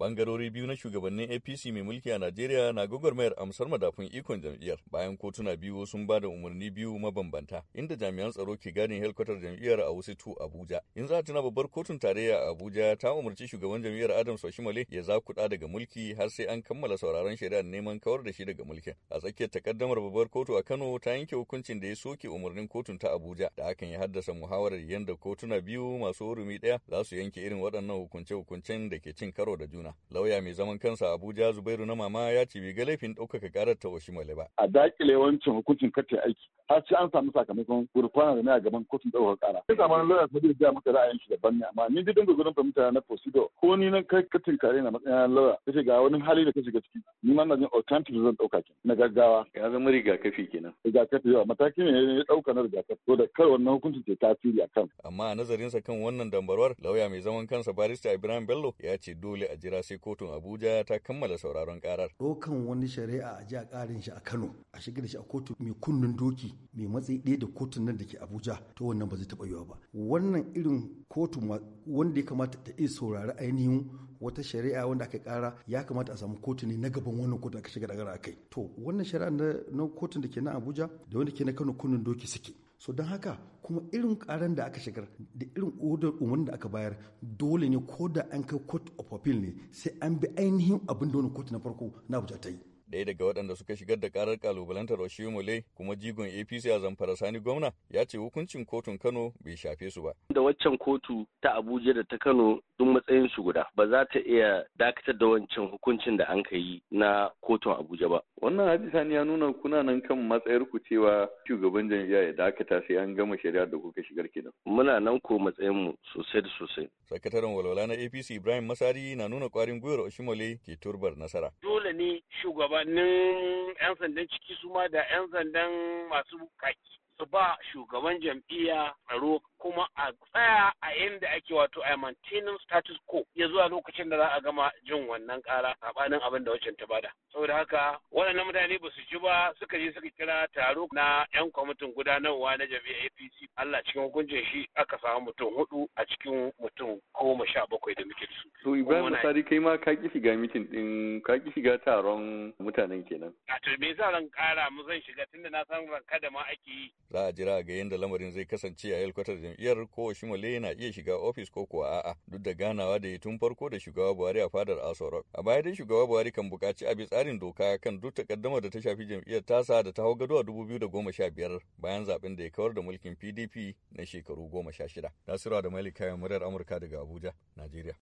Bangarori biyu na shugabannin APC mai mulki a Najeriya na gwagwarmayar amsar madafin ikon jam'iyyar bayan kotuna biyu sun ba da umarni biyu mabambanta inda jami'an tsaro ke gadin helkwatar jam'iyyar a wasu tu Abuja. In za tuna babbar kotun tarayya a Abuja ta umarci shugaban jam'iyyar Adam Soshimale ya za kuɗa daga mulki har sai an kammala sauraron shari'ar neman kawar da shi daga mulkin. A tsakiyar takaddamar babbar kotu a Kano ta yanke hukuncin da ya soke umarnin kotun ta Abuja da hakan ya haddasa muhawarar yadda kotuna biyu masu hurumi ɗaya za su yanke irin waɗannan hukunce-hukuncen da ke cin karo da juna. rana. Lauya mai zaman kansa Abuja Zubairu na mama ya ce bai ga laifin ɗaukaka karar ta Oshimale ba. A dakile wancan hukuncin kace aiki har sai an samu sakamakon gurfana da na gaban kotun ɗaukar kara. Sai zamanin lauya sai zai gaya maka ra'ayin shi daban ne amma ni duk da gudun fahimta na Posido ko ni nan kai katin kare na matsayin lauya kace ga wani hali da ka shiga ciki ni ma na jin authentic zan ɗauka ki na gaggawa. Ya zama rigakafi kenan. Rigakafi yawa mataki ne ya ɗauka na rigakafi ko da kar wannan hukuncin ke tasiri a kan. Amma a nazarinsa kan wannan dambarwar lauya mai zaman kansa barista Ibrahim Bello ya ce dole a jira sai kotun Abuja ta kammala sauraron karar. Dokan wani shari'a a ji karin shi a Kano a shigar shi a kotu mai kunnen doki mai matsayi ɗaya da kotun nan da ke Abuja to wannan ba zai taɓa yiwa ba. Wannan irin kotu wanda ya kamata ta iya saurari ainihin wata shari'a wanda aka kara ya kamata a samu kotu ne na gaban wannan kotu aka shiga da kai. To wannan shari'a na kotun da ke na Abuja da wanda ke na Kano kunnen doki suke. so don haka kuma irin karan da aka shigar da irin odar umarni da aka bayar dole ne ko da an kai court of appeal ne sai an bi ainihin abin da wani court na farko na abuja ta yi ɗaya daga waɗanda suka shigar da karar kalubalantar Oshimole kuma jigon APC a Zamfara Sani gwamna ya ce hukuncin kotun Kano bai shafe su ba. Da waccan kotu ta Abuja da ta Kano duk matsayin su guda ba za ta iya dakatar da wancan hukuncin da an yi na kotun Abuja ba. Wannan hadisan ya nuna kuna nan kan matsayar ku cewa shugaban jam'iyya ya dakata sai an gama shari'ar da kuka shigar kenan. Muna nan ko matsayin mu sosai da sosai. Sakataren walwala na APC Ibrahim Masari na nuna kwarin gwiwar Oshimole ke turbar nasara. Dole ne shugabannin 'yan sandan ciki su ma da 'yan sandan masu kaki su ba shugaban jam'iyya tsaro kuma a tsaya a inda ake wato a maintaining status quo ya zuwa lokacin da za a gama jin wannan kara saɓanin abin da wacce ta bada saboda haka waɗannan mutane ba su ji ba suka je suka kira taro na yan kwamitin gudanarwa na jam'iyyar APC Allah cikin hukuncin shi aka samu mutum hudu a cikin mutum goma sha bakwai da muke su. To Ibrahim musari kai ma ka ki shiga mitin din ka ki shiga taron mutanen kenan. A to me yasa ran kara mu zan shiga tunda na san ran kada ma ake yi za a jira ga yadda lamarin zai kasance a yalkwatar jam'iyyar ko shimale na iya shiga ofis ko kuwa a'a duk da ganawa da ya tun farko da shugaba buhari a fadar asorok a baya dai shugaba buhari kan buƙaci a bi tsarin doka kan duk takaddama da ta shafi jam'iyyar tasa da ta hau gado a dubu biyu da goma sha biyar bayan zaɓen da ya kawar da mulkin pdp na shekaru goma sha shida nasiru da malika murar amurka daga abuja najeriya